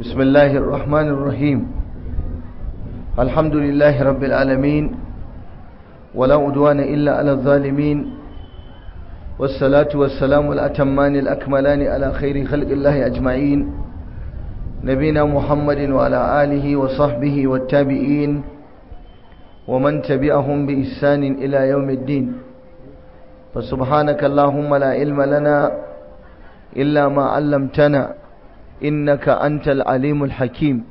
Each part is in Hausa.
بسم الله الرحمن الرحيم الحمد لله رب العالمين ولا أدوان إلا على الظالمين والصلاة والسلام الأتمان الأكملان على خير خلق الله أجمعين نبينا محمد وعلى آله وصحبه والتابعين ومن تبعهم بإحسان إلى يوم الدين فسبحانك اللهم لا علم لنا إلا ما علمتنا إنك أنت العليم الحكيم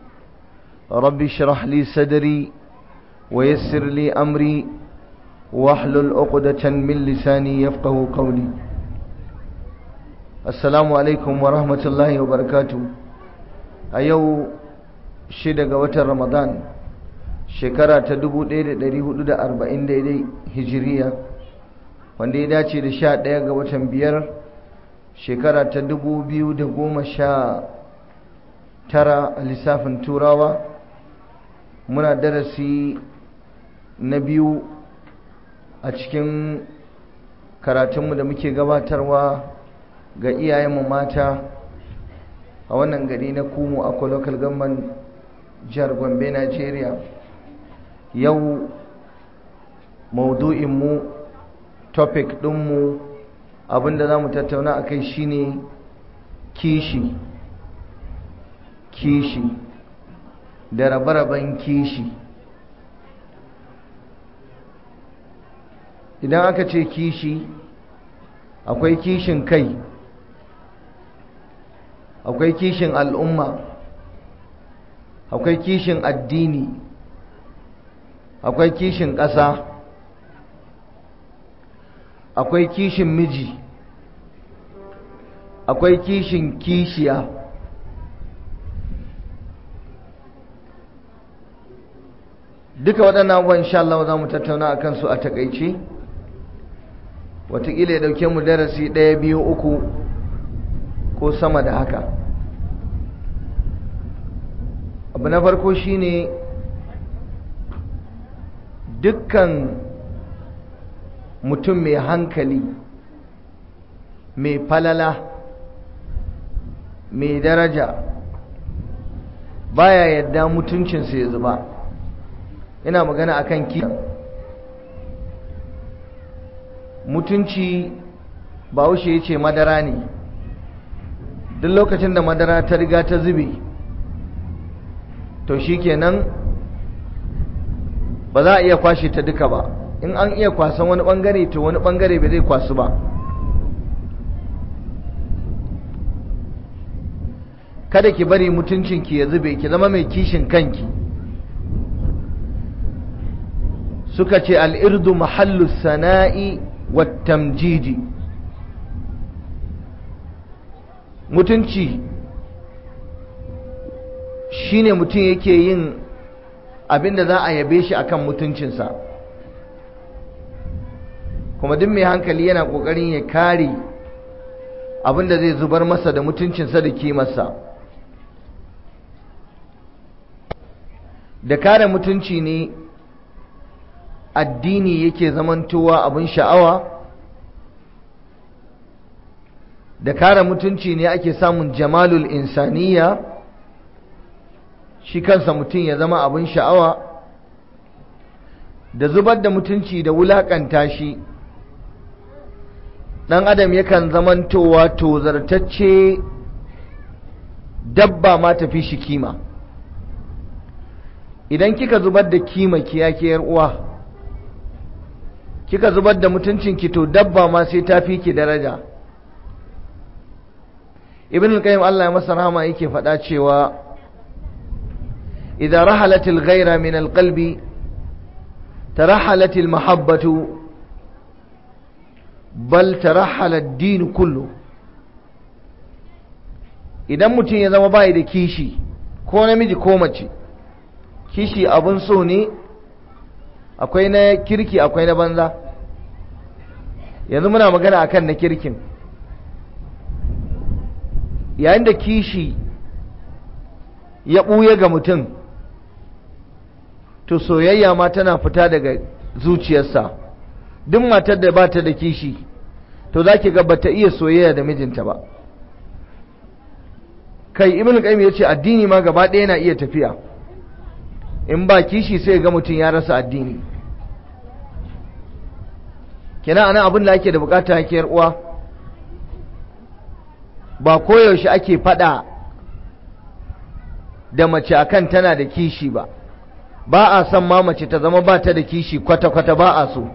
رب اشرح لي صدري ويسر لي أمري واحلل عقدة من لساني يفقه قولي السلام عليكم ورحمة الله وبركاته أيو شدة وتر رمضان شكرا تدبو ديري ديري حدود أربعين ديري هجرية wanda ya dace da sha ɗaya ga watan biyar shekara ta dubu biyu da goma sha tara lissafin turawa muna darasi na biyu a cikin karatunmu da muke gabatarwa ga iyayenmu mata a wannan gari na kumo a local government jihar gombe nigeria yau maudu'inmu topic ɗinmu abinda za mu tattauna a kai shine kishi kishi da rabe-raben kishi idan aka ce kishi akwai kishin kai akwai kishin al'umma akwai kishin addini akwai kishin ƙasa akwai kishin miji akwai kishin kishiya duka waɗannan abubuwan insha Allah za mu tattauna a kansu a takaice wataƙila ya ɗauke mu darasi ɗaya biyu uku ko sama da haka abu na farko shine dukkan mutum mai hankali mai falala mai daraja baya yadda mutuncinsa ya zuba yana magana akan kiran mutunci bahaushe ya ce madara ne duk lokacin da madara ta riga ta zube to shi kenan ba za a iya kwashe ta duka ba in an iya kwasan wani bangare to wani bangare ba zai kwasu ba kada ki bari mutuncinki ya zube ki zama mai kishin kanki suka ce al'irdu mahallu sana'i wa tamjiji mutunci shine mutum yake yin abinda za a yabe shi akan mutuncinsa kuma duk mai hankali yana ƙoƙarin ya kare abinda zai zubar masa da mutuncinsa da kimarsa da kare mutunci ne addini yake zamantowa abin sha'awa da kare mutunci ne ake samun jamalul insaniya shi kansa mutum ya zama abin sha'awa da zubar da mutunci da wulakanta shi ɗan adam yakan zamantowa tozartacce dabba ma tafi shi kima idan kika zubar da kima kiyakiyar uwa kika zubar da mutuncinki to dabba ma sai ta fi ki daraja ibn al-qayyim Allah ya masa rahama yake faɗa cewa idza rahalat al-ghayra min al-qalbi tarahalat al-mahabbatu bal tarahala ad-din kullu idan mutum ya zama bai da kishi ko namiji ko mace kishi abun so ne akwai na kirki akwai na banza yanzu muna magana akan na kirkin yayin da kishi ya ɓuya ga mutum to soyayya ma tana fita daga zuciyarsa duk matar da bata da kishi to za ki ba iya soyayya da mijinta ba kai ibn qayyim ya ce addini ma gaba ɗaya yana iya tafiya in ba kishi sai ga mutum ya rasa addini Kina anan abin da ake da bukata yake uwa ba koyaushe ake fada da mace akan tana da kishi ba ba a son ma mace ta zama ba ta da kishi kwata-kwata ba a so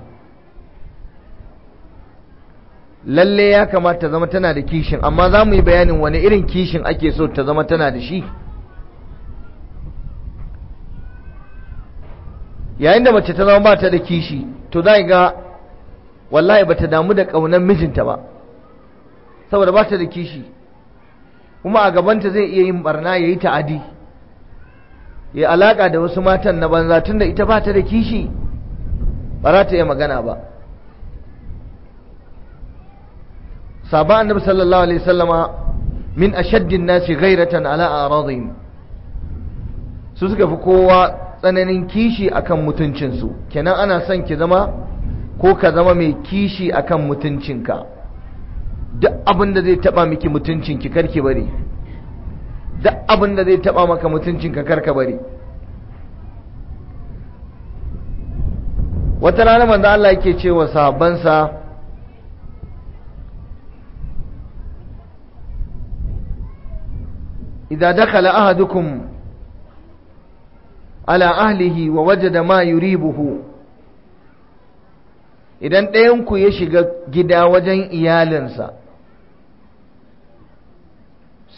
lalle ya kamata zama tana da kishin amma za mu yi bayanin wani irin kishin ake so ta zama tana da shi yayin da mace ta zama ba ta da kishi to za ga wallahi bata damu da ƙaunar mijinta ba saboda bata da kishi kuma a gabanta zai iya yin barna ya yi ta'adi ya alaka da wasu matan na banza tunda ita bata da kishi ba za ta iya magana ba sahaba annabi sallallahu alaihi wasallama min ashaddin nasi ghairatan ala aradin su suka fi kowa tsananin kishi akan mutuncinsu kenan ana son ki zama ko ka zama mai kishi akan mutuncinka duk abin da zai taba miki mutuncinki karki bari duk abin da zai taba maka mutuncinka karka bari wata rana manzo Allah yake cewa sahabbansa dakala ahadukum ala ahlihi wa wajada ma yuribuhu idan ɗayanku ya shiga gida wajen iyalinsa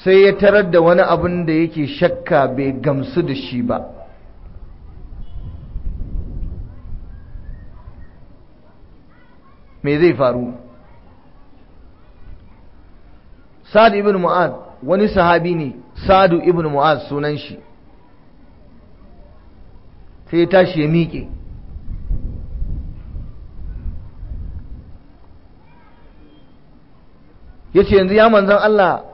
sai ya tarar da wani abin da yake shakka bai gamsu da shi ba me zai faru sadu ibn mu'ad wani sahabi ne sadu ibn mu'ad sunan shi sai ya tashi ya miƙe ya ce yanzu ya manzon Allah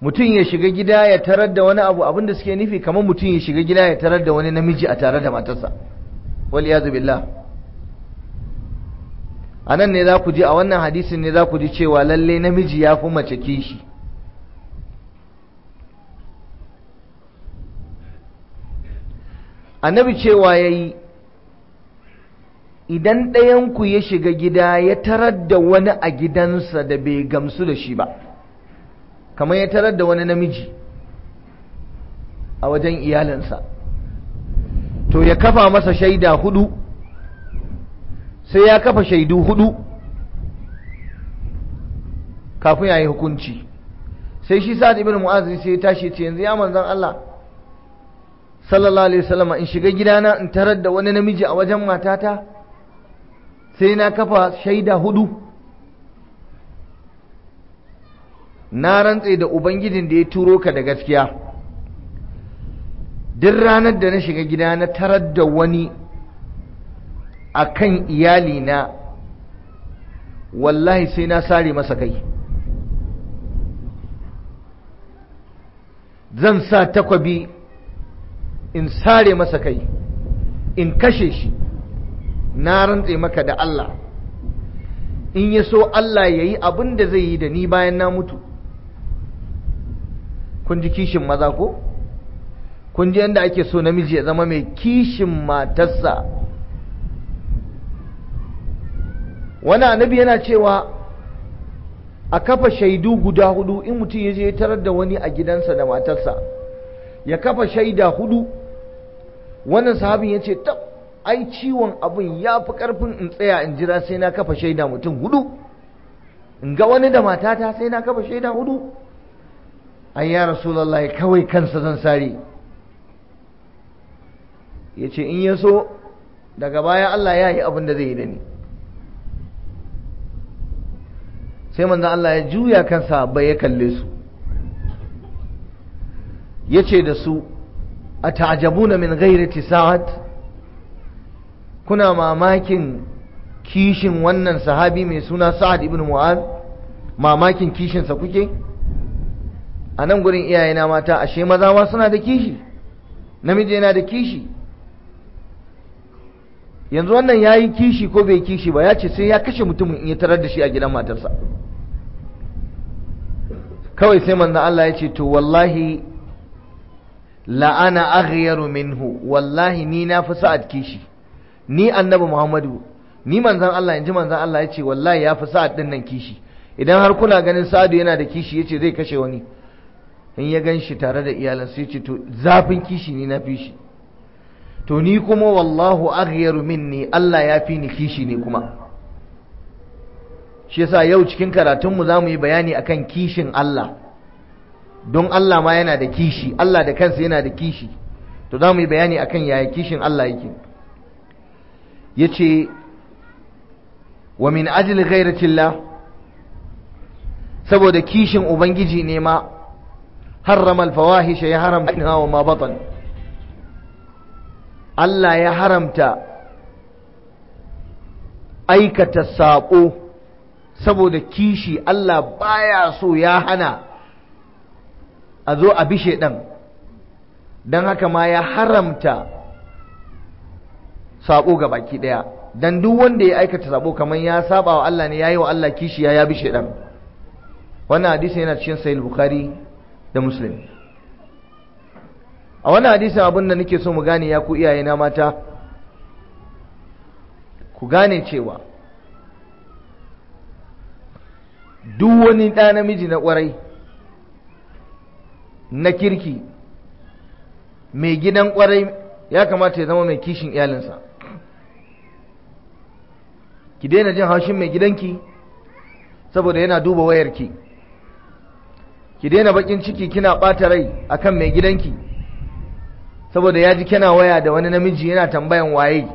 mutum ya shiga gida ya tarar da wani abu abinda suke nufi kamar mutum ya shiga gida ya tarar da wani namiji a tare da matarsa wal yazu billah anan ne za ku ji a wannan hadisin ne za ku ji cewa lalle namiji ya fi mace kishi annabi cewa yayi idan ɗayanku ya shiga gida ya tarar da wani a gidansa da bai gamsu da shi ba kamar ya tarar da wani namiji a wajen iyalinsa to ya kafa masa shaida hudu sai ya kafa shaidu hudu kafin ya yi hukunci sai shi sa ibn mu'azi sai ya tashi ce yanzu ya manzan Allah sallallahu alaihi wasallam in shiga gidana in tarar da wani namiji a wajen matata sai na kafa shaida hudu na rantse da ubangijin da ya turo ka da gaskiya duk ranar da na shiga gida na tarar da wani a kan iyalina wallahi sai na sare masa kai zan sa takwabi in sare masa kai in kashe shi na rantse maka da Allah in ya so Allah ya yi abin da zai yi da ni bayan na mutu kun ji kishin maza ko kun ji yadda ake so namiji ya zama mai kishin matarsa wani annabi yana cewa a kafa shaidu guda hudu in mutum ya je tarar da wani a gidansa da matarsa ya kafa shaida hudu wannan sahabin ya ce tab ai ciwon abin ya fi ƙarfin in tsaya in jira sai na kafa shaida mutum hudu in ga wani da matata sai na kafa shaida hudu ai ya lallai kawai kansa zan sare ya ce in ya daga baya Allah ya yi abin da zai yi da ni sai manzan Allah ya juya kansa bai ya kalle su ya ce da su a ta'ajabuna min ghairi tisa'at kuna mamakin kishin wannan sahabi mai suna sa'ad ibn mu'az mamakin kishinsa kuke a nan gurin iyayena mata ashe maza ma suna da kishi namiji yana da kishi yanzu wannan ya yi kishi ko bai kishi ba ya ce sai ya kashe mutumin in ya tarar da shi a gidan matarsa kawai sai manzan Allah ya ce to wallahi la'ana aghyaru minhu wallahi ni na fi sa'ad kishi ni annabi Muhammadu ni manzan Allah inji manzan Allah ya ce wallahi ya fi sa'ad din nan kishi idan har kuna ganin sa'adu yana da kishi yace zai kashe wani in ya gan shi tare da sai ce to zafin kishi ni na fi shi to ni kuma wallahu aghyaru minni Allah ya fi ni kishi ne kuma shi yasa yau cikin karatunmu za mu yi bayani akan kishin Allah don Allah ma yana da kishi Allah da kansa yana da kishi to za mu yi bayani akan yaya kishin Allah yake Ya ce wa min ajli ghairatillah saboda kishin ubangiji ne ma harrama alfawahisha ya haramta Ina wa ma batan Allah ya haramta aikata sako saboda kishi Allah baya so ya hana a zo a bishe dan don haka ma ya haramta sabo ga baki daya dan duk wanda ya aikata sabo kamar ya saba wa Allah ne yayi wa Allah kishi ya yabi shedan wannan hadisi yana cikin sahih bukhari da muslim a wannan hadisi abin da nake so mu gane ya ku iyaye na mata ku gane cewa duk wani ɗa namiji na ƙwarai na kirki mai gidan kwarai ya kamata ya zama mai kishin iyalinsa ki daina jin haushin mai gidanki saboda yana duba wayarki ki daina bakin ciki kina ɓata rai akan mai gidanki saboda ya ji kina waya da wani namiji yana tambayan waye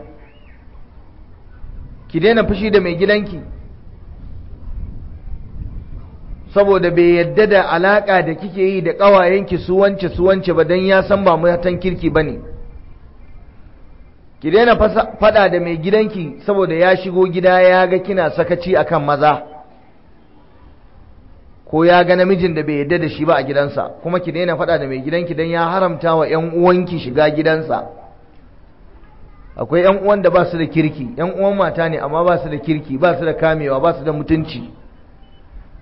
ki daina fushi da mai gidanki saboda bai yadda da alaka da kike yi da ƙawayenki su wance su wance ba dan ya san ba matan kirki ba ne ki daina fada da mai gidanki saboda ya shigo gida ya ga kina sakaci akan maza ko ya ga namijin da bai yadda da shi ba a gidansa kuma ki daina fada da mai gidanki don ya haramta wa 'yan uwanki shiga gidansa akwai 'yan uwan da ba su da kirki 'yan uwan mata ne amma ba su da kirki ba su da kamewa ba su da mutunci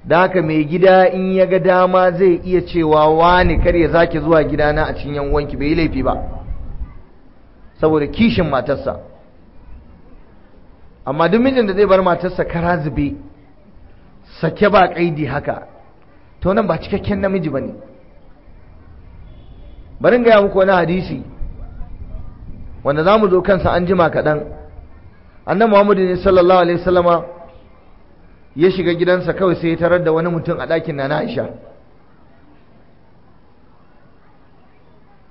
da haka mai gida in ya ga dama zai iya cewa wani kar ya zaki zuwa gidana a cikin 'yan uwanki bai yi laifi ba saboda kishin matarsa amma duk mijin da zai bar matarsa kara zube sake ba kaidi haka to nan ba cikakken namiji ba ne barin gaya muku wani hadisi wanda za mu zo kansa an jima kaɗan annan muhammadu ne sallallahu alaihi wasallama ya shiga gidansa kawai sai ya tarar da wani mutum a ɗakin na aisha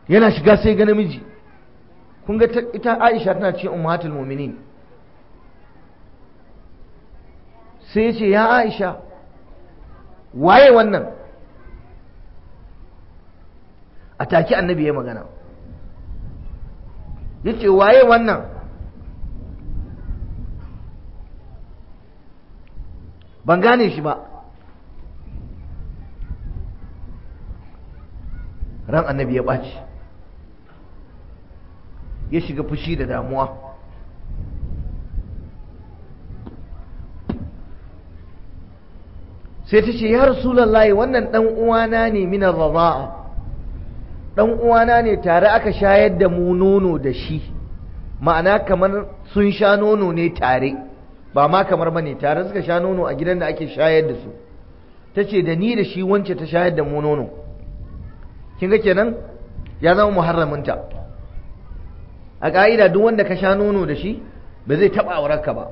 yana shiga sai ga namiji kun ga ita Aisha tana cikin ummatul mu'minin sai ya ce ya Aisha waye wannan a take annabi ya magana ya ce waye wannan ban gane shi ba ran annabi ya ɓaci ya shiga fushi da damuwa sai ta ce ya rasulallah wannan dan uwana ne mina ar dan uwana ne tare aka shayar da mu nono da shi ma'ana kamar sun sha nono ne tare ba ma kamar bane tare suka sha nono a gidan da ake shayar da su Ta ce da ni da shi wance ta shayar da mu nono kin ga kenan ya zama muharraminta a ƙa'ida duk wanda ka sha nono da shi ba zai taɓa aurarka ba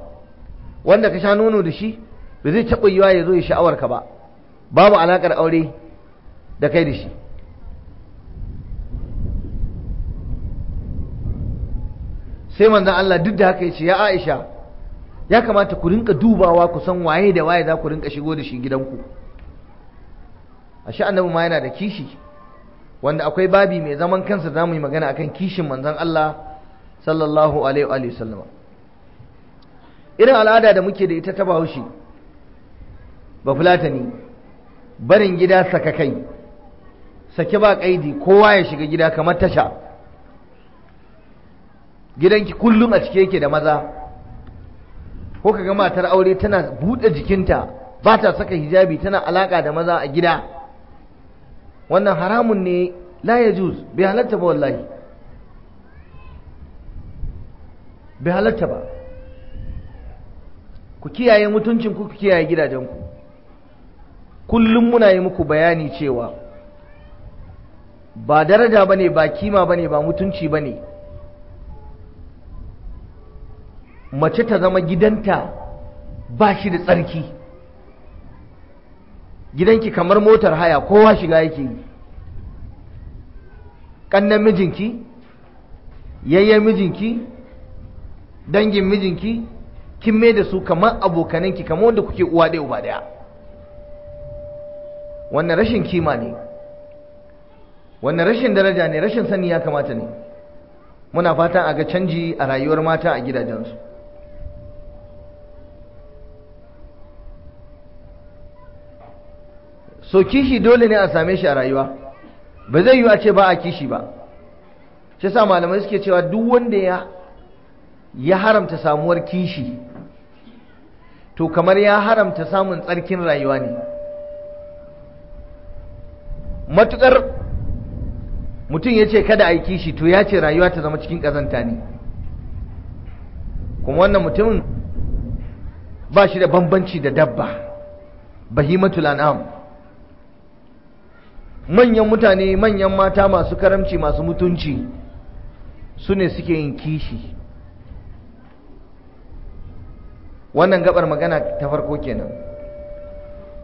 wanda ka sha nono da shi ba zai taɓa yiwa ya zo ya sha'awarka ba babu alaƙar aure da kai da shi sai manzan Allah duk da haka ya ce ya Aisha ya kamata ku rinka dubawa ku san waye da waye za ku rinka shigo da shi gidanku a annabi ma yana da kishi wanda akwai babi mai zaman kansa za mu yi magana akan kishin manzan Allah sallallahu alaihi wa sallama irin al'ada da muke da ita ta bahaushe ba fulatani barin gida saka kai, sake ba kaidi kowa ya shiga gida kamar tasha gidanki kullum a cike yake da maza ko kaga matar aure tana buɗe jikinta ba ta saka hijabi tana alaka da maza a gida wannan haramun ne la yajuz bi halatta ba wallahi bai halatta ba ku kiyaye mutuncin ku ku kiyaye gidajenku kullum muna yi muku bayani cewa ba daraja bane ba kima bane ba mutunci bane mace ta zama gidanta ba shi da tsarki gidanki kamar motar haya kowa shiga yake yi ƙannan mijinki yayyen mijinki dangin mijinki kin mai da su kamar abokananki kamar wanda kuke uwa ɗaya uba ɗaya wannan rashin kima ne wannan rashin daraja ne rashin sani ya kamata ne muna fatan a ga canji a rayuwar mata a gidajensu so kishi dole ne a same shi a rayuwa ba zai yiwu a ce ba a kishi ba shi sa malamai suke cewa duk wanda ya ya haramta samuwar kishi to kamar ya haramta samun tsarkin rayuwa ne matukar mutum ya ce kada a yi kishi to ya ce rayuwa ta zama cikin ƙazanta ne kuma wannan mutumin ba shi da bambanci da dabba bahimatul an'am manyan mutane manyan mata masu karamci masu mutunci su ne suke yin kishi wannan gabar magana ta farko kenan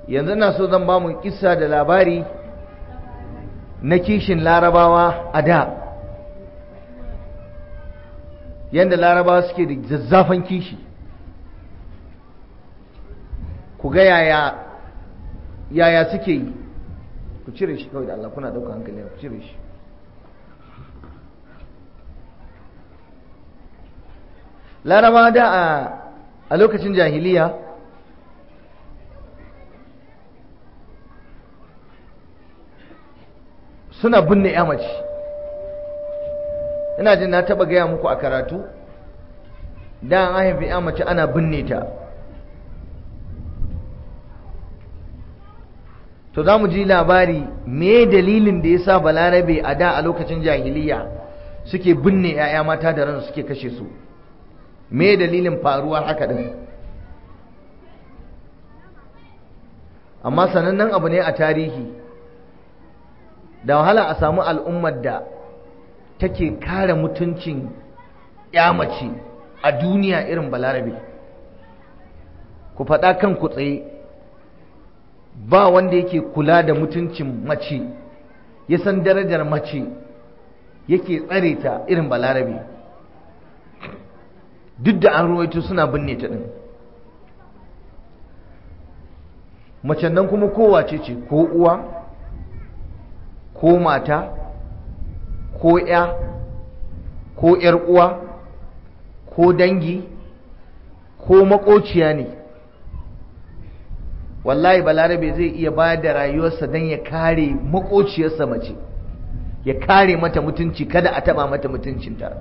yanzu na so zan ba mu kissa da labari na kishin larabawa a da yadda larabawa suke da zazzafan kishi ku ga yaya yaya suke yi ku cire shi kawai da Allah kuna ɗauka hankali ku cire shi larabawa da a a lokacin jahiliya suna binne yamaci mace ina jin na taba gaya muku a karatu da an haifi ya mace ana binne ta to za mu ji labari me dalilin da ya sa balarabe a da a lokacin jahiliya suke binne 'ya'ya mata da ran suke kashe su me dalilin faruwa haka din amma sanannen abu ne a tarihi da wahala a samu al'ummar da take kare mutuncin mace a duniya irin balarabe ku faɗa kan ku tsaye ba wanda yake kula da mutuncin mace ya san darajar mace yake tsare ta irin balarabe duk da an ruwaito suna binne ta din mace nan kuma kowace ce ko uwa ko mata ko ya ko yar uwa ko dangi ko makociya ne wallahi balarabe zai iya ba da rayuwarsa don ya kare makociyarsa mace ya kare mata mutunci kada a taba mata mutuncinta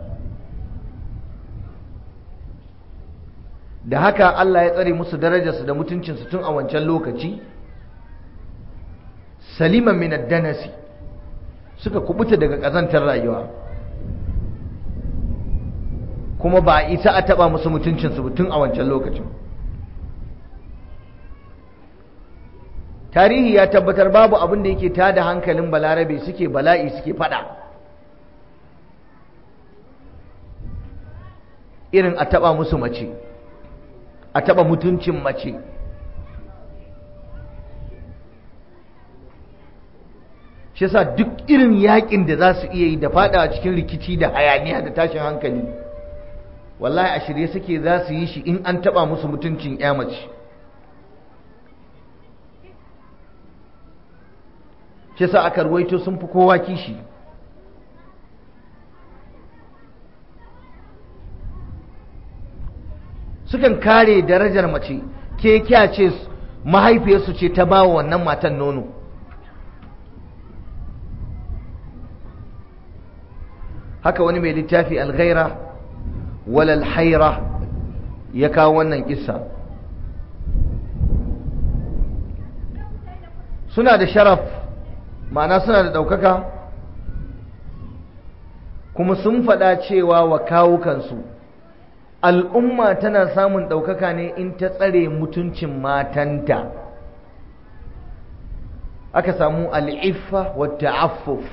da haka Allah ya tsare musu darajarsu da mutuncinsu tun a wancan lokaci saliman min danasi suka kubuta daga kazantar rayuwa kuma ba isa a taba musu mutuncinsu tun a wancan lokacin tarihi ya tabbatar babu abin da yake tada hankalin balarabe suke bala'i suke fada irin a taba musu mace a taɓa mutuncin mace shi sa duk irin yakin da za su iya yi da fadawa cikin rikici da hayaniya da tashin hankali wallahi a shirye suke za su yi shi in an taɓa musu mutuncin ya mace shi sa aka ruwaito sun fi kowa kishi sukan kare darajar mace ke kya ce mahaifiyarsu ce ta bawa wannan matan nono haka wani mai littafi alghaira walal haira ya kawo wannan kissa suna da sharaf ma'ana suna da ɗaukaka kuma sun faɗa cewa wa kawo kansu al'umma tana samun ɗaukaka ne in ta tsare mutuncin matanta aka samu al'iffa wata ta'affuf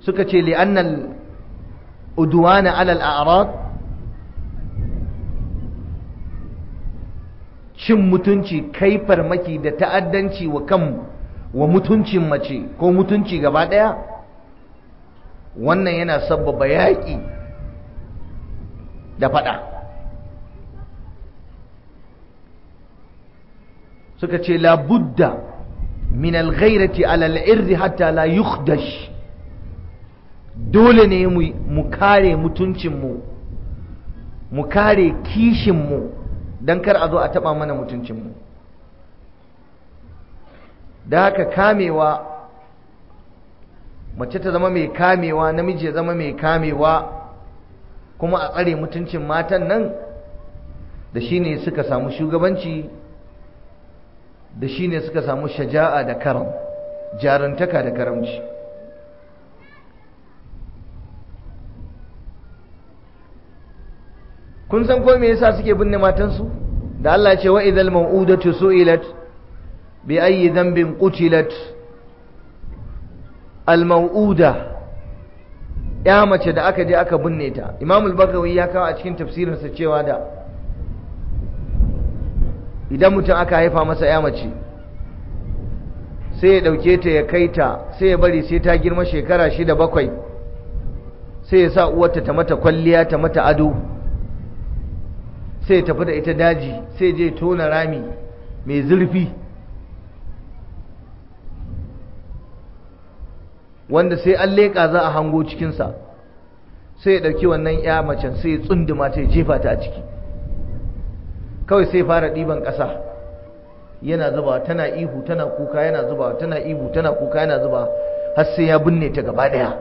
suka ce li'annal udwana alal a'rad cin mutunci kai farmaki da ta'addanci wa kan wa mutuncin mace ko mutunci gaba ɗaya wannan yana sabbaba yaƙi da fada suka ce la budda min al-ghairati ala al hatta la yukhdash dole ne mu kare mutuncinmu mu kare kishinmu don kar a zo a taba mana mutuncinmu da haka kamewa mace ta zama mai kamewa namiji ya zama mai kamewa kuma a tsare mutuncin matan nan da shi ne suka samu shugabanci da shi ne suka samu shaja'a da karam jarantaka da karamci kun san ko me yasa suke binne matansu da Allah ya ce wa idhal mau'udatu su'ilat bi ayyi dhanbin qutilat al mau'uda ya mace da aka je aka binne ta imamul bagawi ya kawo a cikin tafsirinsa cewa da idan mutum aka haifa masa ya mace sai ya ɗauke ta ya kai ta sai ya bari sai ta girma shekara shida bakwai sai ya sa uwarta ta mata kwalliya ta mata ado sai ya tafi da ita daji sai je tona rami mai zurfi wanda sai an leƙa za a hango cikinsa sai ya ɗauki wannan ya macen sai ya tsunduma ta ya jefa ta a ciki kawai sai fara ɗiban ƙasa yana zuba tana ihu tana kuka yana zuba tana ihu tana kuka yana zuba har sai ya binne ta gaba ɗaya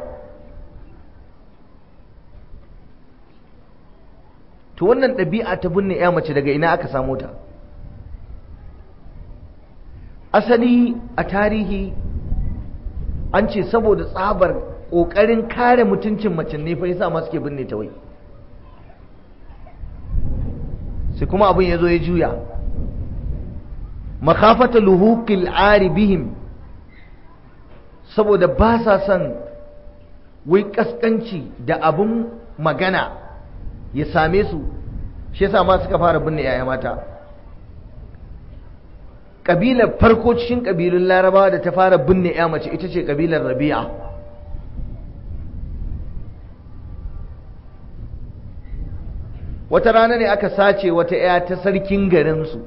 to wannan ɗabi'a ta binne ya mace daga ina aka samo ta asali a tarihi an ce saboda tsabar ƙoƙarin kare mutuncin macin ne fa yasa masu ke binne ta wai sai kuma abin ya zo ya juya makafata luhukil ari bihim saboda ba sa son wai ƙasƙanci da abin magana ya same su shi yasa masu suka fara binne yaya mata ƙabilar farko cikin ƙabilun larabawa da ta fara binne ya mace ita ce ƙabilar rabi'a wata rana ne aka sace wata ya ta sarkin garinsu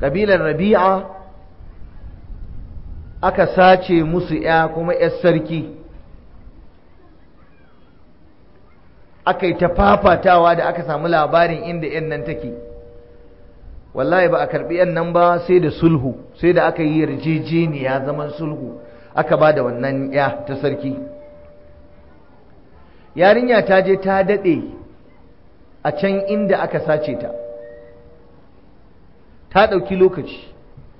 ƙabilar rabi'a aka sace musu ya kuma 'yar sarki aka yi ta fafatawa da aka samu labarin inda 'yan nan take wallahi ba a karbi yan nan ba sai da sulhu sai da aka yi yarjejeniya zaman sulhu aka ba da wannan ya ta sarki yarinya ta je ta daɗe a can inda aka sace ta ta ɗauki lokaci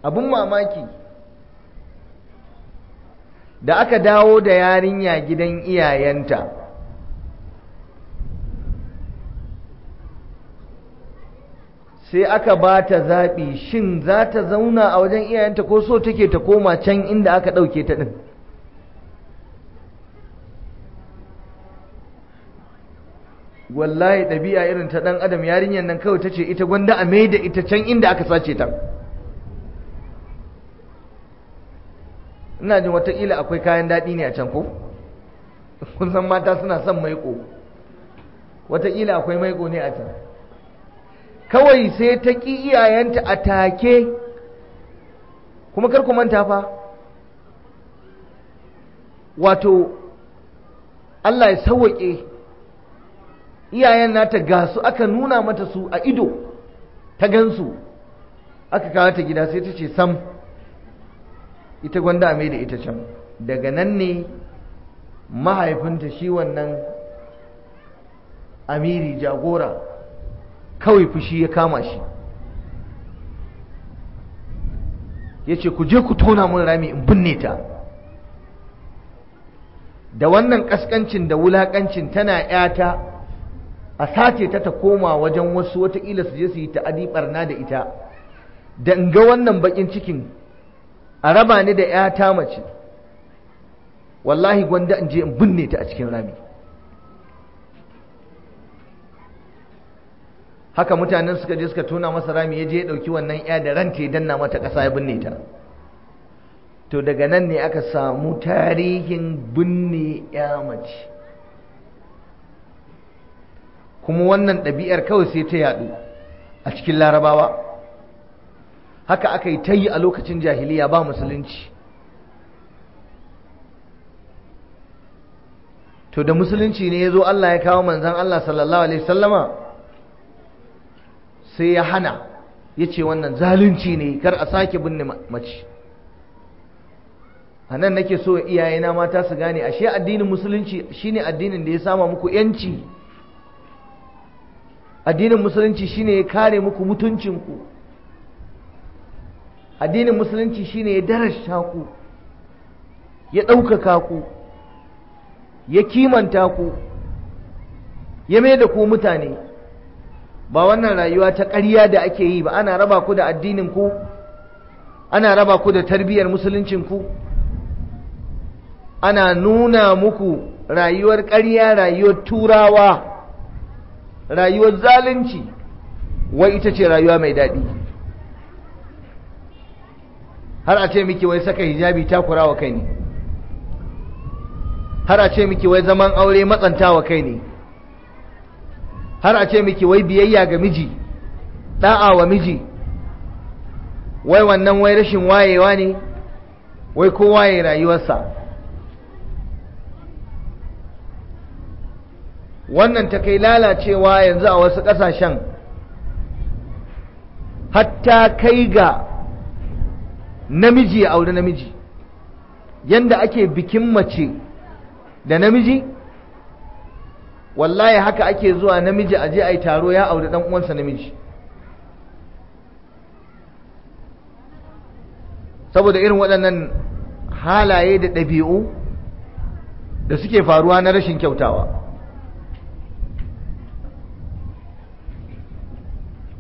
abin mamaki da aka dawo da yarinya gidan iyayenta sai aka ba ta zaɓi shin za ta zauna a wajen iyayenta ko so take ta koma can inda aka ɗauke ta ɗin wallahi ɗabi'a irin ta ɗan adam yarinyar nan kawai ta ce ita gwanda a mai da ita can inda aka sace ta ina jin watakila akwai kayan daɗi ne a can ko kun san mata suna son maiko watakila akwai maiko ne a can kawai sai ta ƙi iyayenta a take kuma kar ku manta fa wato Allah ya sauwaƙe iyayen nata gasu aka nuna mata su a ido ta gansu aka kawo ta gida sai ta ce sam ita gwanda mai da ita can daga nan ne mahaifinta shi wannan amiri jagora kawai fushi ya kama shi ya ce ku je ku tona mun rami in binne ta da wannan ƙasƙancin da wulaƙancin tana ‘yata a sace ta ta koma wajen wasu wataƙila su je su yi ta'adi ɓarna da ita da in ga wannan baƙin cikin a raba ni da ‘yata mace wallahi gwanda in je in binne ta a cikin rami haka mutanen suka je suka tona masa rami ya je ya ɗauki wannan ya da ranta ya danna mata kasa ya binne ta to daga nan ne aka samu tarihin binne ya mace kuma wannan ɗabi'ar kawai sai ta yaɗu a cikin larabawa haka aka yi ta yi a lokacin jahiliya ba musulunci to da musulunci ne ya zo Allah ya kawo manzan Allah sallallahu alaihi sallama sai ya hana ya ce wannan zalunci ne kar a sake binne mace a nan nake so iyayena mata su gane ashe addinin musulunci shine addinin da ya sama muku yanci addinin musulunci shine ya kare muku mutuncinku addinin musulunci shine ya darasha ku ya ɗaukaka ku ya kimanta ku ya mai da ku mutane ba wannan rayuwa ta ƙarya da ake yi ba ana raba ku da addinin ku ana raba ku da tarbiyyar musuluncin ku ana nuna muku rayuwar ƙarya rayuwar turawa rayuwar zalunci wai ita ce rayuwa mai daɗi har a ce miki wai saka hijabi takurawa kai ne har a ce miki wai zaman aure matsantawa kai ne har a ce miki wai biyayya ga miji da'a wa miji wai wannan wai rashin wayewa ne wai ko waye rayuwarsa wannan ta kai lalacewa yanzu a wasu ƙasashen hatta kai ga namiji ya auri namiji yanda ake bikin mace da namiji wallahi haka ake zuwa namiji a je a yi taro ya auri dan uwansa namiji saboda irin waɗannan halaye da ɗabi'u da suke faruwa na rashin kyautawa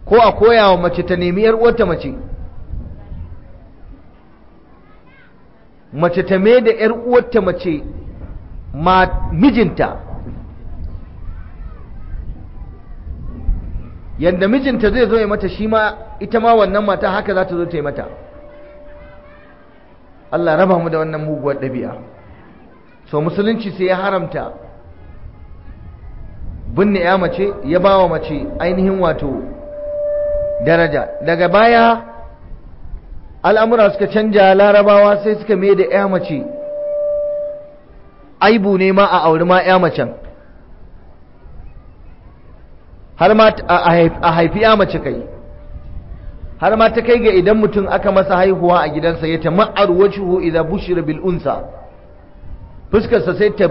ko a koya wa mace ta nemi yar uwarta mace mace ta mai da yar uwarta mace mijinta yadda mijinta zai zo ya mata shi ma ita ma wannan mata haka za ta zo ta yi mata Allah raba mu da wannan muguwar ɗabi'a so musulunci sai ya haramta binne ya mace ya ba wa mace ainihin wato daraja daga baya al'amura suka canja larabawa sai suka mai da ya mace aibu ne ma a auri ma ya macen har ma a haifi ya mace kai har ma ta kai ga idan mutum aka masa haihuwa a gidansa ya ta ma'ar hu idan bushira bil'unsa, unsa fuskarsa sai ta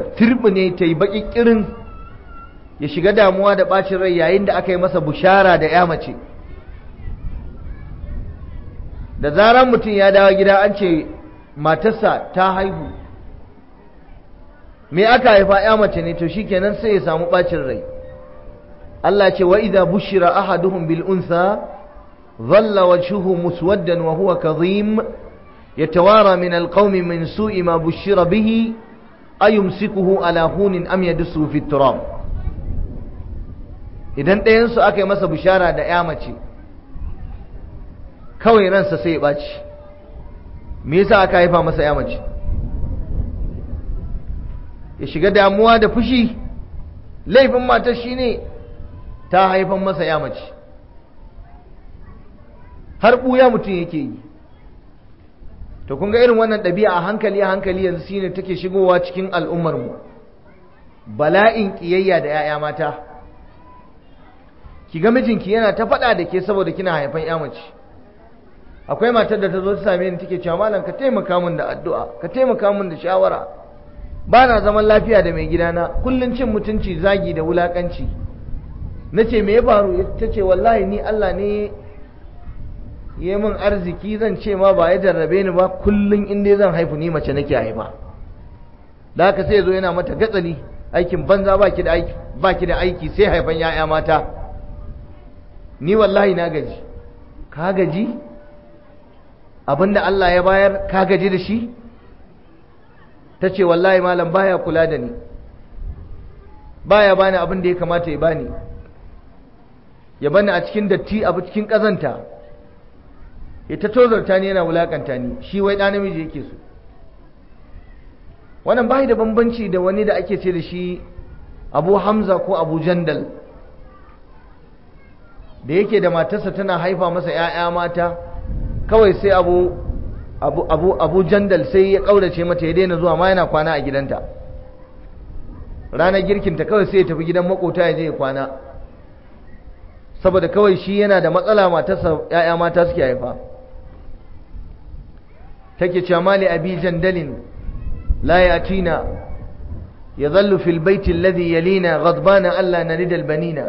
ne ta yi baƙi ƙirin ya shiga damuwa da ɓacin rai yayin da aka yi masa bushara da ya mace da zaran mutum ya dawo gida an ce matarsa ta haihu me aka haifa ya mace ne to shikenan sai ya samu ɓacin rai Allah ce wa idza bushira ahaduhum bil unsa dhalla wajhuhu muswaddan wa huwa kadhim yatawara min al min su'i ma bushira bihi ayumsikuhu ala hunin am yadsu fi turab idan ɗayan su aka yi masa bushara da ya mace kawai ransa sai ya ɓaci me yasa aka haifa masa ya mace ya shiga damuwa da fushi laifin matar shi ne ta haifan masa ya mace har ɓuya mutum yake yi Ta kun irin wannan ɗabi'a a hankali a hankali yanzu shine take shigowa cikin al'ummarmu bala'in ƙiyayya da 'ya'ya mata ki ga mijinki yana ta faɗa da ke saboda kina haifan 'ya mace akwai matar da ta zo ta same ni take cewa malam ka taimaka min da addu'a ka taimaka min da shawara ba na zaman lafiya da mai gidana kullum cin mutunci zagi da wulakanci na ce me ya faru ta ce wallahi ni Allah ne ya min arziki zan ce ma ba ya jarrabe ni ba kullum inda zan haifu ni mace nake haifa da haka sai zo yana mata gatsani aikin banza baki da aiki da aiki sai haifan ya'ya mata ni wallahi na gaji ka gaji abinda Allah ya bayar ka gaji da shi ta ce wallahi malam baya kula da ni baya bani abin da ya kamata ya bani ya bani a cikin datti a cikin kazanta ya ta tozarta ni yana wulakanta ni shi wai ɗan namiji yake so wannan bai da bambanci da wani da ake ce da shi abu hamza ko abu jandal da yake da matarsa tana haifa masa 'ya'ya mata kawai sai abu abu abu abu jandal sai ya kaurace mata ya daina zuwa ma yana kwana a gidanta ranar ta kawai sai ya tafi gidan makota ya je ya kwana saboda kawai shi yana da matsala matarsa ‘ya'ya mata suke haifa take cewa mali abi jandalin la ya tina ya zallu fil baiti alladhi yalina ghadbana alla narid al banina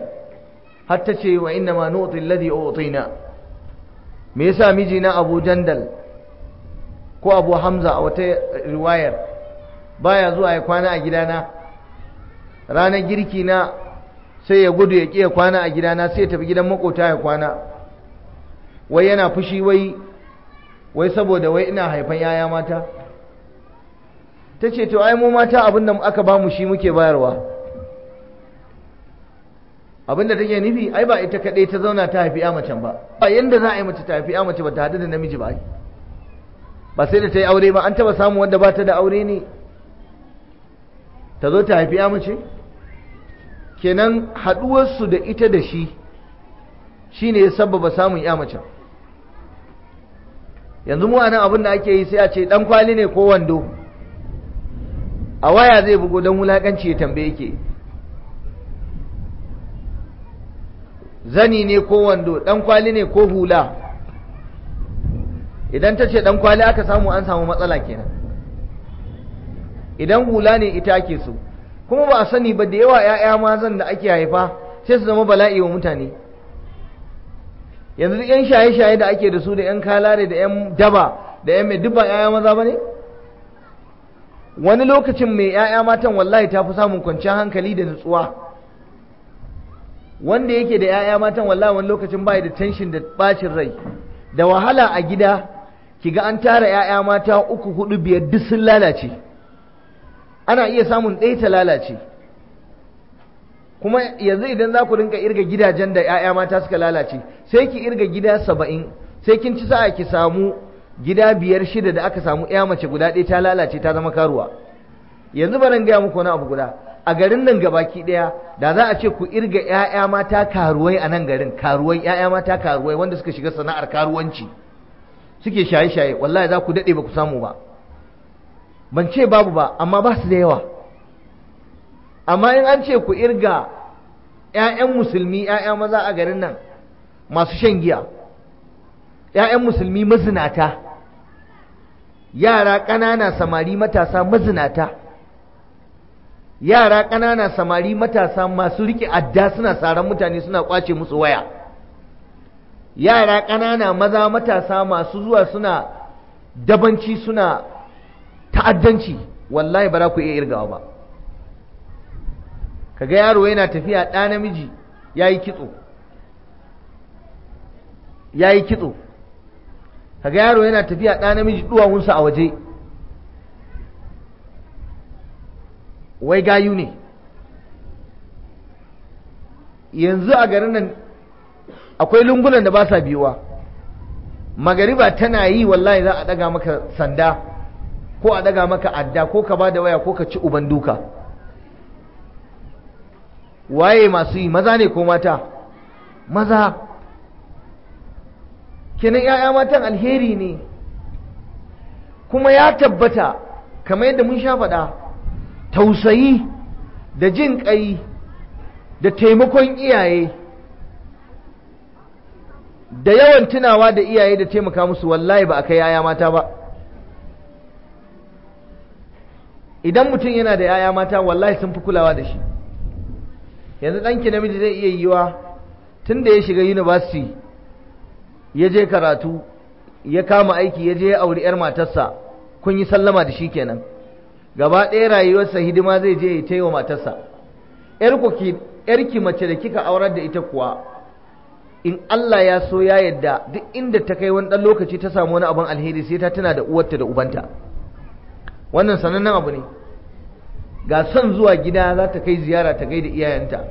hatta ce wa inna ma nu'ti alladhi utina me yasa miji na abu jandal ko abu hamza a wata riwayar baya zuwa ya kwana a gidana ranar girki na sai ya gudu ya ƙi ya kwana a gidana sai ya tafi gidan makota ya kwana wai yana fushi wai wai saboda wai ina haifan yaya mata ta ce to ai mu mata abin da aka ba mu shi muke bayarwa abin da take nufi ai ba ita kaɗai ta zauna ta haifi ya ba ba yanda za a yi mace ta haifi ya mace ba ta haɗu da namiji ba ba sai da ta yi aure ba an taɓa samun wanda ba ta da aure ne ta zo ta haifi ya mace kenan haɗuwarsu da ita da shi shi ne ya sababa samun ya yanzu mu anan abin da ake yi sai a ce ɗan kwali ne ko wando a waya zai bugo don wulaƙanci ya tambaye ke zani ne ko wando ɗan kwali ne ko hula idan ta ce ɗan kwali aka samu an samu matsala kenan idan hula ne ita ake so kuma ba a sani ba da yawa 'ya'ya mazan da ake haifa sai su zama bala'i wa mutane yanzu yan shaye-shaye da ake da su da yan kalare da yan daba da yan mai dubba 'ya'ya maza ba ne wani lokacin mai 'ya'ya matan wallahi ta fi samun kwanciyar hankali da nutsuwa wanda yake da 'ya'ya matan wallahi wani lokacin bai da tenshin da bacin rai da wahala a gida ki ga an tara 'ya'ya mata uku hudu biyar duk sun lalace ana iya samun ɗaya ta lalace kuma yanzu idan za ku rinka irga gidajen da 'ya'ya mata suka lalace sai ki irga gida saba'in sai kin ci sa'a ki samu gida biyar shida da aka samu 'ya mace guda ɗaya ta lalace ta zama karuwa yanzu ba nan gaya muku wani abu guda a garin nan gabaki ɗaya da za a ce ku irga 'ya'ya mata karuwai a nan garin karuwai 'ya'ya mata karuwai wanda suka shiga sana'ar karuwanci suke shaye-shaye wallahi za ku daɗe ba ku samu ba ban ce babu ba amma ba su da yawa amma in an ce ku irga 'ya'yan musulmi 'ya'ya maza a garin nan masu shan giya 'ya'yan musulmi mazinata yara ƙanana samari matasa mazinata yara ƙanana samari matasa masu riƙe adda suna tsaron mutane suna ƙwace musu waya yara ƙanana maza matasa masu zuwa suna dabanci suna ta'addanci wallahi ba za ku iya irgawa ba kaga yaro yana tafiya ɗa namiji ya yi kitso ya yi kitso kaga yaro yana tafiya ɗa namiji ɗuwawunsa a waje wai gayu ne yanzu a garin nan akwai lungunan da ba sa biyuwa magariba tana yi wallahi za a ɗaga maka sanda ko a daga maka adda ko ka bada waya ko ka ci uban duka waye masu yi maza ne ko mata maza kenan 'ya'ya matan alheri ne kuma ya tabbata kamar yadda mun sha faɗa tausayi da jin ƙai da taimakon iyaye da yawan tunawa da iyaye da taimaka musu wallahi ba a kai 'ya'ya mata ba idan mutum yana da yaya mata wallahi sun fi kulawa da shi yanzu ɗanki namiji zai iya yiwa tun da ya shiga university ya je karatu ya kama aiki ya je ya auri 'yar matarsa kun yi sallama da shi kenan gaba ɗaya rayuwarsa hidima zai je ya taiwa matarsa ki mace da kika aurar da ita kuwa in Allah ya so ya yadda duk inda ta kai wani ɗan lokaci ta samu wani abin alheri sai ta tuna da uwarta da ubanta. wannan sanannen abu ne ga son zuwa gida za ta kai ziyara ta gaida iyayenta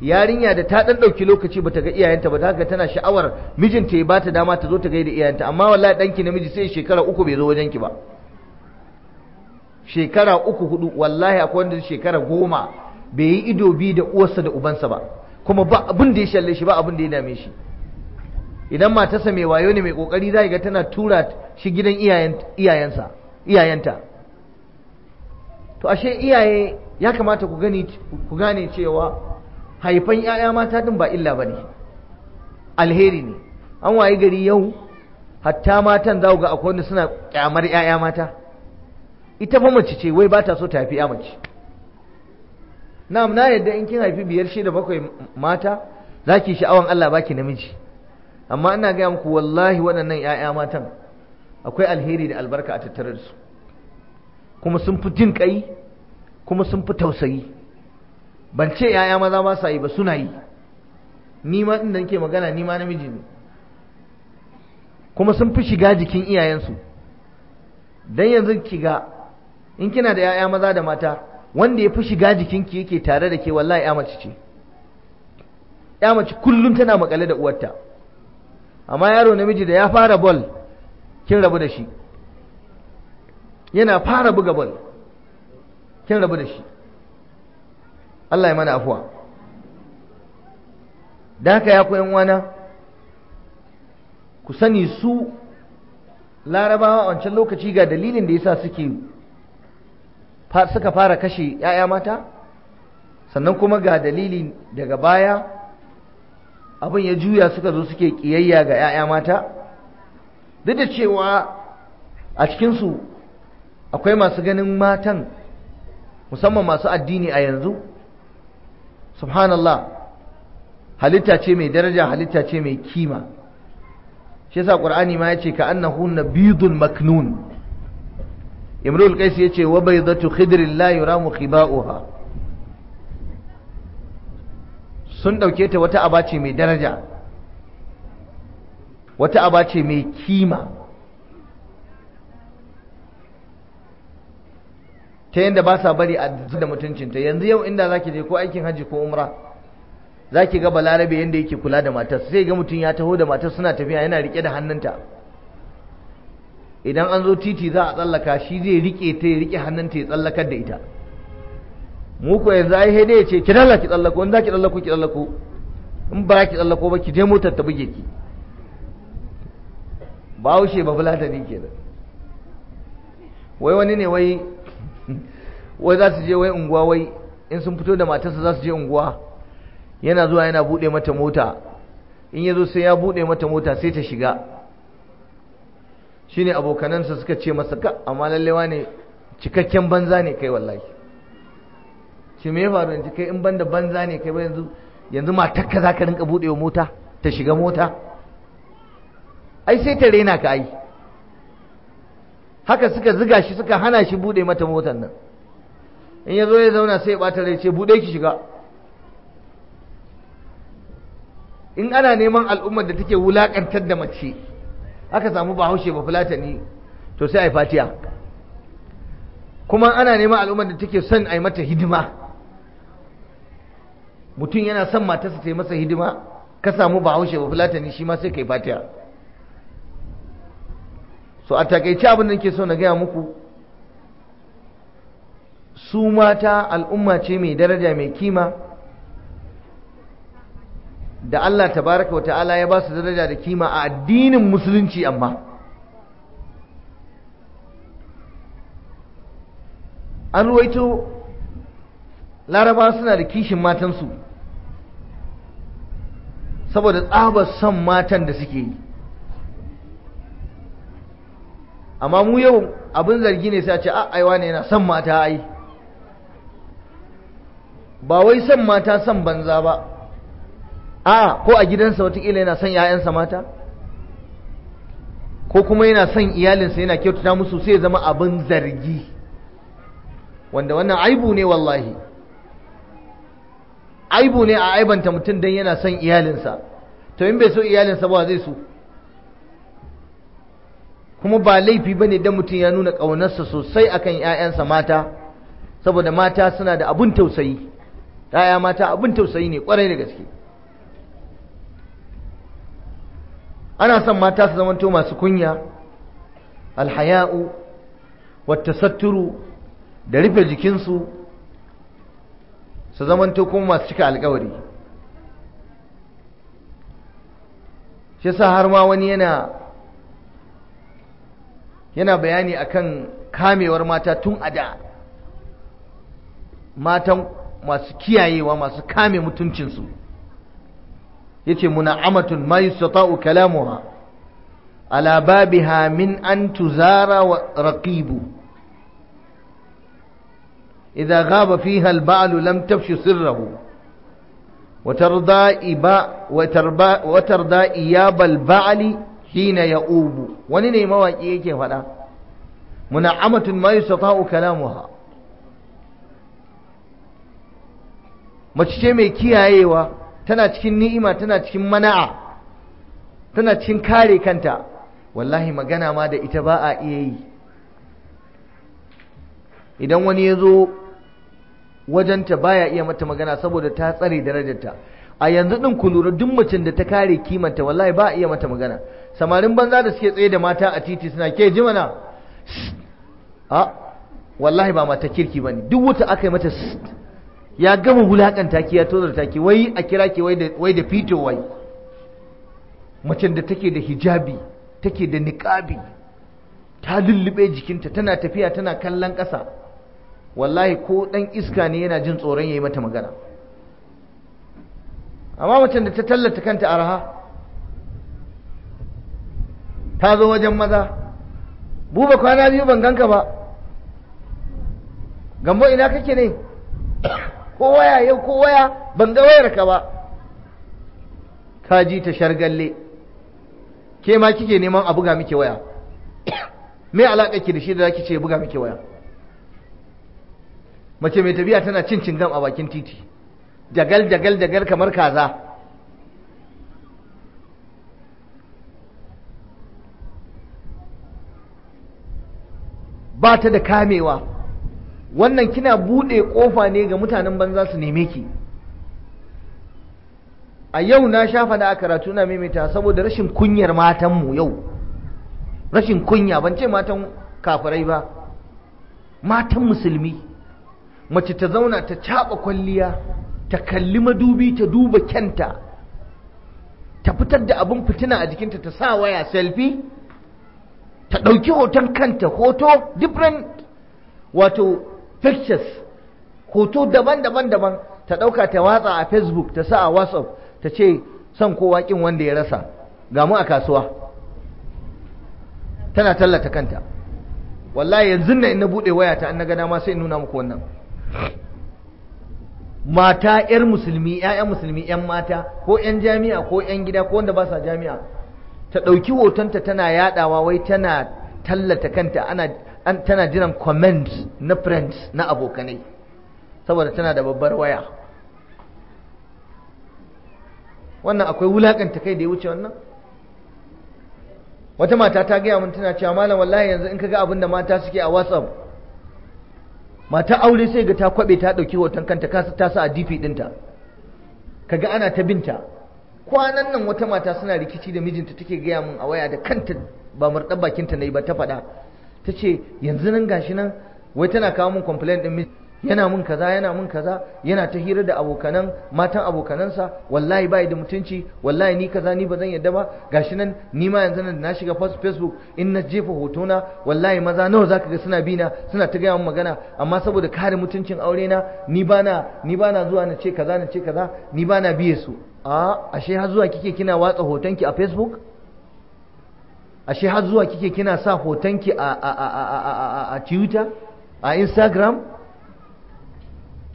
yarinya da ta dan dauki lokaci bata ga iyayenta ba haka tana sha'awar mijinta ya bata dama ta zo ta gaida iyayenta amma wallahi danki namiji sai shekara uku bai zo wajenki ba shekara uku hudu wallahi akwai wanda shekara goma bai yi ido bi da uwarsa da ubansa ba kuma ba abin da ya shalle shi ba abin da ya dame shi idan matarsa mai wayo ne mai kokari za ga tana tura shi gidan iyayensa iyayenta to ashe iyaye ya kamata ku gani ku gane cewa haifan 'ya'ya mata din ba illa bane alheri ne an waye gari yau hatta matan za ga akwai wanda suna kyamar 'ya'ya mata ita fa mace ce wai ba ta so ta haifi 'ya mace na'am na yadda in kin haifi biyar shida bakwai mata zaki ki sha'awan Allah baki namiji amma ina gaya muku wallahi waɗannan 'ya'ya matan akwai alheri da albarka a tattare da su kuma sun fi jin kai kuma sun fi tausayi ban ce yaya maza ba sa yi ba suna yi ni ma inda nake magana ni ma namiji ne kuma sun fi shiga jikin iyayensu Don yanzu ki ga, in kina da yaya maza da mata wanda ya fi shiga jikinki yake tare da ke wallahi ya mace ce ya mace kullum tana makale da uwarta amma yaro namiji da ya fara bol kin rabu da shi yana fara buga bal kin rabu da shi Allah ya mana afuwa da haka ya koyan wana ku sani su larabawa a wancan lokaci ga dalilin da yasa suke suka fara kashe 'ya'ya mata sannan kuma ga dalili daga baya abin ya juya suka zo suke ƙiyayya ga 'ya'ya mata duk da cewa a cikinsu akwai masu ganin matan musamman masu addini a yanzu subhanallah halitta ce mai daraja halitta ce mai kima shi yasa qur'ani ma yace ka annahunna bidul maknun imrul qais yace wa baydatu khidrin la yuramu khiba'uha sun dauke ta wata abace mai daraja wata abace mai kima ta yadda ba sa bari a da mutuncinta yanzu yau inda za ki je ko aikin hajji ko umra ki ga balarabe yadda yake kula da matar sai ga mutum ya taho da matar suna tafiya yana rike da hannunta idan an zo titi za a tsallaka shi zai rike ta ya rike hannunta ya tsallakar da ita mu ko yanzu ai sai dai ce ki dalla ki tsallako in za ki tsallako ki tsallako in ba ki tsallako ba ki je motar ta buge ki ba haushe ba bulata ne kenan wai wani ne wai wai za su je wai unguwa wai in sun fito da matarsa za su je unguwa yana zuwa yana buɗe mata mota in ya zo sai ya buɗe mata mota sai ta shiga shine abokanansa suka ce masa ka amma lallewa ne cikakken banza ne kai wallahi ki me faru yanzu kai in banda banza ne kai ba yanzu yanzu matarka za ka rinka wa mota ta shiga mota ai sai ta rena ka ai haka suka ziga shi suka hana shi buɗe mata motar nan in ya zo ya zauna sai ya ɓata rai ce buɗe ki shiga in ana neman al'ummar da take wulaƙantar da mace aka samu ba haushe ba fulatani to sai a yi fatiya kuma ana neman al'ummar da take son a yi mata hidima mutum yana son matarsa ta yi masa hidima ka samu ba haushe ba fulatani shi ma sai ka yi fatiya so a takaice abin da ke so na gaya muku su mata al'umma ce mai daraja mai kima da Allah tabaraka ta'ala ya ba su daraja da kima a addinin musulunci amma an ruwaito laraba suna da kishin matansu saboda tsabar son matan da suke yi amma mu yau abin zargi ne sai a ce a ah, aiwa ne yana son mata ai ba wai son mata son banza ba a ko a gidansa watakila yana son 'ya'yansa mata ko kuma yana son iyalinsa yana kyautata musu sai zama abin zargi wanda wannan aibu ne wallahi aibu ne a aibanta mutum don yana son iyalinsa to in bai so iyalinsa ba zai so kuma ba laifi ba ne don mutum ya nuna ƙaunarsa sosai akan 'ya'yansa mata saboda mata suna da abun tausayi ɗaya mata abin tausayi ne kwarai da gaske ana son mata su zamanto masu kunya alhaya'u wata satturu da rufe jikinsu su zamanto kuma masu cika alkawari shi sa har ma wani yana yana bayani akan kamewar mata tun a da matan masu kiyayewa masu kame mutuncinsu Ya yace muna'amatun ma yustata'u kalamuha ala babiha min an tuzara wa raqibu idza gaba fi al-ba'l lam tafshi sirrahu. Watar إباء ya وترضى إياب البعل حين يؤوب وني ne mawaki yake faɗa. fada muna'amatun ma yustata'u kalamuha mace ce mai kiyayewa tana cikin ni'ima tana cikin mana'a tana cikin kare kanta wallahi magana ma da ita ba a iya yi idan wani ya zo wajenta baya iya mata magana saboda ta tsare darajarta a yanzu ɗin ku lura duk macen da ta kare kimanta wallahi ba a iya mata magana samarin banza da suke tsaye da mata a titi suna ke ji mana a wallahi ba mata kirki ba ne duk wata aka yi mata ya gama wulakanta ki ya tozarta ki wai a kira ki wai da fito wai macen da take da hijabi take da niƙabi, ta lullube jikinta tana tafiya tana kallon ƙasa wallahi ko ɗan iska ne yana jin tsoron ya yi mata magana amma macen da ta tallata kanta araha ta zo wajen maza buba kwana biyu ban ganka ba gambo ina kake ne ko waya yau ko waya ban ga wayar ka ba ka ji ta shargalle ke ma kike neman a buga miki waya me alaƙa ki da shi da zaki ce buga miki waya mace mai tafiya tana cin cingam a bakin titi jagal jagal jagal kamar kaza ba ta da kamewa wannan kina bude kofa ne ga mutanen banza su neme ki a yau na shafa da a karatu na maimaita saboda rashin kunyar matanmu yau rashin kunya ban ce matan kafirai ba matan musulmi mace ta zauna ta caɓa kwalliya ta kalli madubi ta duba kyanta ta fitar da abin fitina a jikinta ta sa waya selfie ta ɗauki hoton kanta hoto different wato pictures hoto daban-daban daban ta dauka ta watsa a facebook ta sa a whatsapp ta ce son kowa kin wanda ya rasa ga mu a kasuwa tana tallata kanta wallahi yanzu na in na buɗe wayata an na gana ma sai in nuna muku wannan mata 'yar musulmi 'ya'yan musulmi 'yan mata ko 'yan jami'a ko 'yan gida ko wanda ba sa jami'a ta ɗauki hotonta tana yadawa wai tana tallata kanta ana an tana jiran comment na friends na abokanai saboda tana da babbar waya wannan akwai wulakanta kai da ya wuce wannan wata mata ta gaya mun tana cewa malam wallahi yanzu in kaga abin da mata suke a whatsapp mata aure sai ga ta kwabe ta dauki hoton kanta ka ta sa a DP dinta kaga ana ta binta kwanan nan wata mata suna rikici da mijinta take gaya mun a waya da kanta ba murdan bakinta na yi ba ta faɗa ta ce yanzu nan gashi nan wai tana kawo min complaint din yana mun kaza yana mun kaza yana ta hira da abokanan matan abokanansa wallahi bai da mutunci wallahi ni kaza ni bazan yadda ba gashi nan ni ma yanzu nan na shiga facebook in na jefa hotona wallahi maza nawa zaka ga suna bina suna ta gaya magana amma saboda kare mutuncin aure na ni bana ni bana zuwa na ce kaza na ce kaza ni bana biye su a ashe har zuwa kike kina watsa hotonki a facebook ashe har zuwa kike kina sa hotonki a a a Instagram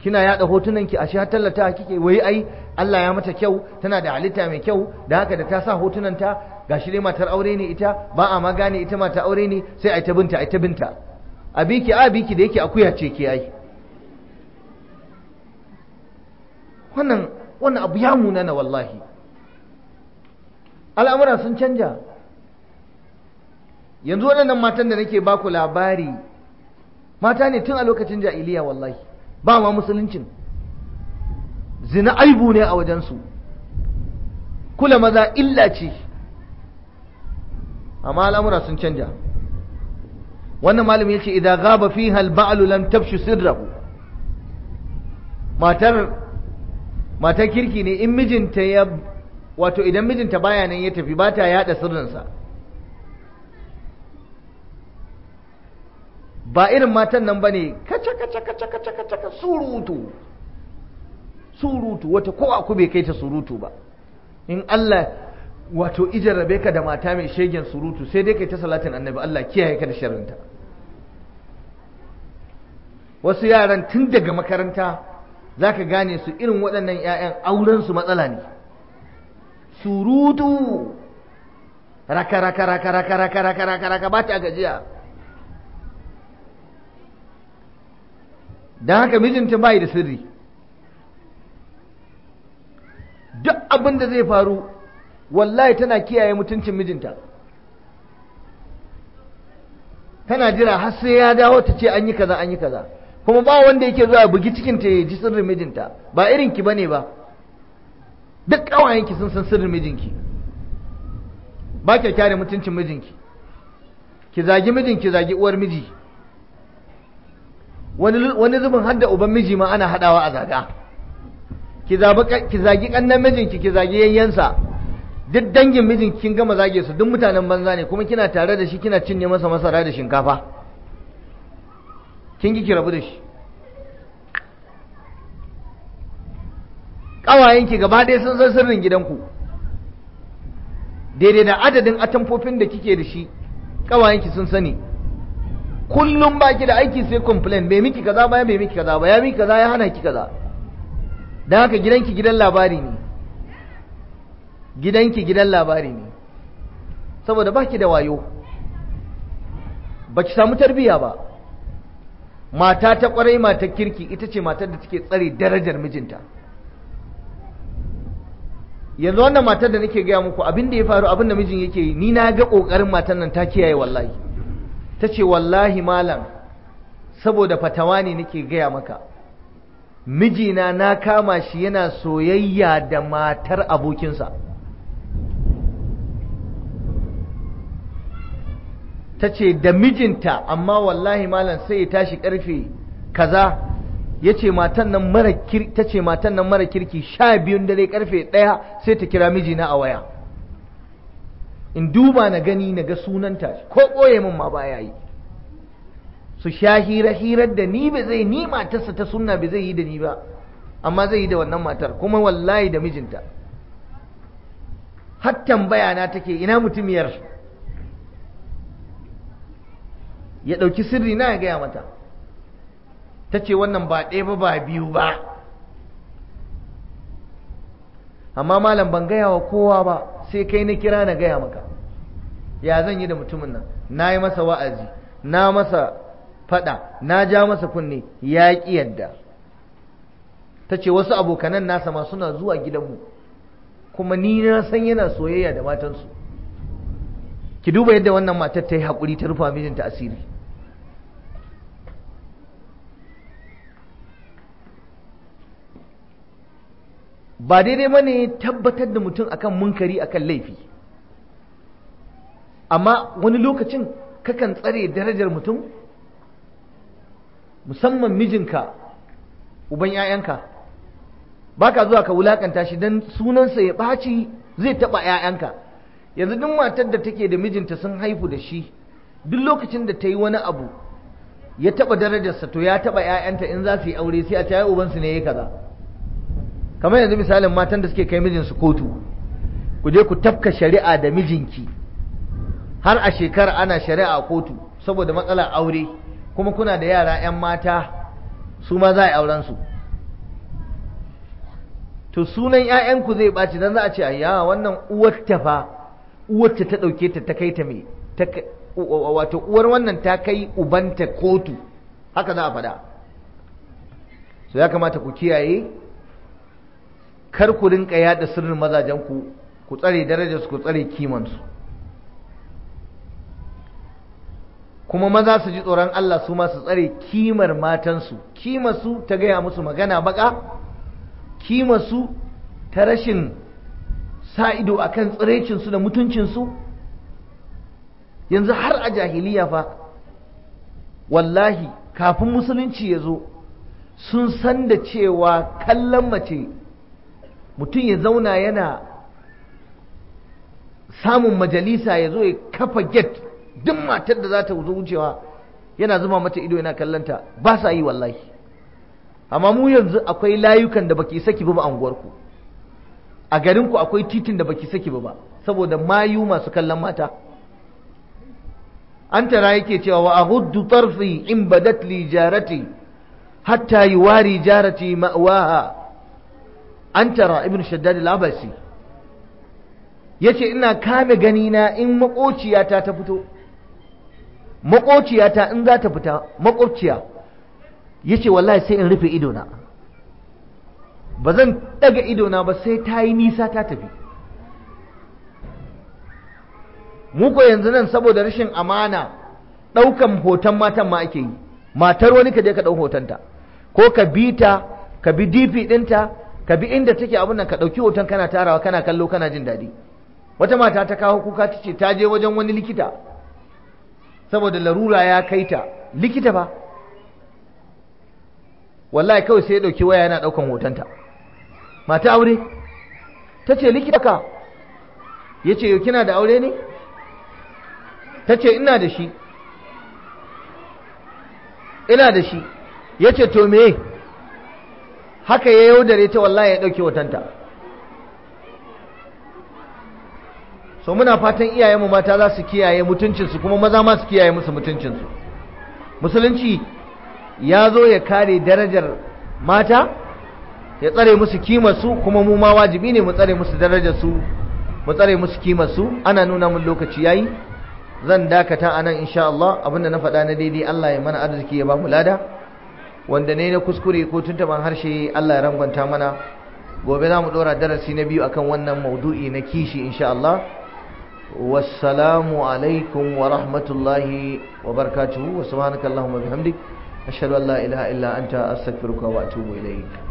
kina yada hotunanki ashe har tallata kike wai ai Allah ya mata kyau tana da halitta mai kyau da haka da ta sa hotunanta gashi dai matar aure ne ita ba a ma gane ita mata aure ne sai ai ta binta ai ta binta a biki da yake akuya ce ke ai wannan wannan abu ya munana wallahi al'amura sun canja yanzu waɗannan matan da nake baku labari mata ne tun a lokacin jahiliya wallahi ba ma musuluncin zina aibu ne a wajensu kula maza illa ce amma al'amura sun canja wannan malamin yace idan gaba fi al-ba'lu lam tafshi sirrahu matar matar kirki ne in mijinta ya wato idan mijinta baya nan ya tafi ba ta yada sirrinsa ba irin matan nan bane kaca kaca kaca kaca kaca surutu surutu wata ko aku bai kai ta surutu ba in Allah wato ijarrabe ka da mata mai shegen surutu sai dai kai ta salatin annabi Allah kiyaye ka da sharrinta wasu yaran tun daga makaranta zaka gane su irin waɗannan 'ya'yan auren su matsala ne surutu raka raka raka raka raka ba ta gajiya don haka mijinta bai da sirri duk abin da zai faru wallahi tana kiyaye mutuncin mijinta tana jira har sai ya dawo ta ce an yi kaza an yi kaza kuma ba wanda yake zuwa bugi cikin ta ya ji sirrin mijinta ba irin ki bane ba duk ki sun san sirrin mijinki ba kya mutuncin mijinki ki zagi mijin ki zagi uwar miji wani zubin hadda uban miji ma ana hadawa a zaga ki zagi kannan mijinki ki zagi yayyansa duk dangin mijinki kin gama zage su duk mutanen banza ne kuma kina tare da shi kina cinye masa masara da shinkafa kin ki rabu da shi ƙawayenki gaba ɗaya sun san sirrin gidanku daidai da adadin atamfofin da kike da shi ƙawayenki sun sani kullum ba ki da aiki sai complain bai miki kaza ba bai miki kaza ba ya miki kaza ya hana ki kaza dan haka gidanki gidan labari ne gidanki gidan labari ne saboda ba ki da wayo baki samu tarbiya ba mata ta kwarai mata kirki ita ce matar da take tsare darajar mijinta yanzu wannan matar da nake gaya muku abin da ya faru abin da mijin yake yi ni na ga kokarin matar nan ta kiyaye wallahi ta ce wallahi malam saboda fatawa ne nake gaya maka mijina na kama shi yana soyayya da matar abokinsa ta ce da mijinta amma wallahi malam sai ya tashi karfe kaza ya ce matan nan mara kirki ta ce matan nan mara kirki sha biyun dare karfe ɗaya sai ta kira mijina a waya in duba na gani na ga sunanta ko ɓoye min ma baya yi su sha hira hirar da ni ba zai ni matarsa ta sunna ba zai yi da ni ba amma zai yi da wannan matar kuma wallahi da mijinta har tambaya na take ina mutumiyar ya ɗauki sirri na ya gaya mata ta ce wannan ba ɗaya ba ba biyu ba amma malam ban gaya wa kowa ba sai kai na kira na gaya maka ya zan yi da mutumin nan na yi masa wa'azi na masa fada na ja masa kunne ya ƙi yadda ta ce wasu abokanan nasa ma suna zuwa gidanmu kuma ni na san yana soyayya da matansu ki duba yadda wannan matar ta yi haƙuri ta rufa mijinta asiri ba daidai ba ne tabbatar da mutum akan munkari akan laifi amma wani lokacin kakan tsare darajar mutum musamman mijinka uban 'ya'yanka ba ka zuwa ka wulakanta shi don sunansa ya ɓaci zai taɓa 'ya'yanka yanzu duk matar da take da mijinta sun haifu da shi duk lokacin da ta yi wani abu ya taɓa darajarsa to ya taɓa 'ya'yanta in za su yi aure sai a ta ubansu ne ya kaza kamar yanzu misalin matan da suke kai mijinsu kotu ku je ku tafka shari'a da mijinki har a shekara ana shari'a a kotu saboda matsalar aure kuma kuna da yara 'yan mata su ma za a yi auren su to sunan 'ya'yanku zai ɓaci don za a ce ya wannan uwar tafa uwar ta ɗauke ta ta kai ta mai wato uwar wannan ta kai ubanta kotu haka za a faɗa so ya kamata ku kiyaye kar ku rinka yada sirrin mazajen ku ku tsare darajarsu ku tsare kimansu kuma maza su ji tsoron Allah su ma su tsare kimar matansu kimarsu ta gaya musu magana baka kimarsu ta rashin sa ido akan tsirecinsu da mutuncinsu yanzu har a jahiliya fa wallahi kafin musulunci ya zo sun san da cewa kallon mace mutum ya zauna yana samun majalisa ya zo ya kafa get duk matar da za ta zo wucewa yana zuma mata ido yana kallanta ba sa yi wallahi amma mu yanzu akwai layukan da baki saki ba anguwarku a garinku akwai titin da baki saki ba saboda mayu masu kallon mata an tara yake cewa wa aghuddu tarfi in badat li jarati hatta yuwari jarati ma'waha an tara ibn shaddad al-abasi yace ina kame gani na in makociyata ta fito makociyata in za ta fita makociya yace wallahi sai in rufe ido na ba zan daga ido na ba sai ta yi nisa ta tafi mu ko yanzu nan saboda rashin amana ɗaukan hoton matan ma ake yi matar wani ka je ka ɗau hotonta ko ka bi ta ka bi dp ɗinta ka bi inda take abin nan ka ɗauki hoton kana tarawa kana kallo kana jin daɗi wata mata ta kawo kuka ta ce ta je wajen wani likita saboda larura ya kai ta likita ba wallahi kawai sai ya ɗauki waya yana ɗaukan hotonta mata aure ta ce likita ka ya ce yau kina da aure ne ta ce ina da shi ina da shi ya ce to me haka ya yaudare ta wallahi ya ɗauke watanta so muna fatan iyayenmu mata za su kiyaye mutuncinsu kuma maza ma su kiyaye musu mutuncinsu musulunci ya zo ya kare darajar mata ya tsare musu kimarsu kuma mu ma wajibi ne mu tsare musu darajarsu mu tsare musu kimarsu ana nuna mun lokaci yayi zan dakata anan insha Allah abinda na faɗa na daidai Allah ya mana arziki ya ba mu lada wanda ne na kuskure ko ban harshe Allah ya rangwanta mana gobe za mu dora darasi na biyu akan wannan maudu'i na kishi insha Allah wassalamu alaikum wa rahmatullahi wa barakatuhu wa subhanakallahumma bihamdik ashhadu an la ilaha illa anta astaghfiruka wa atubu ilaik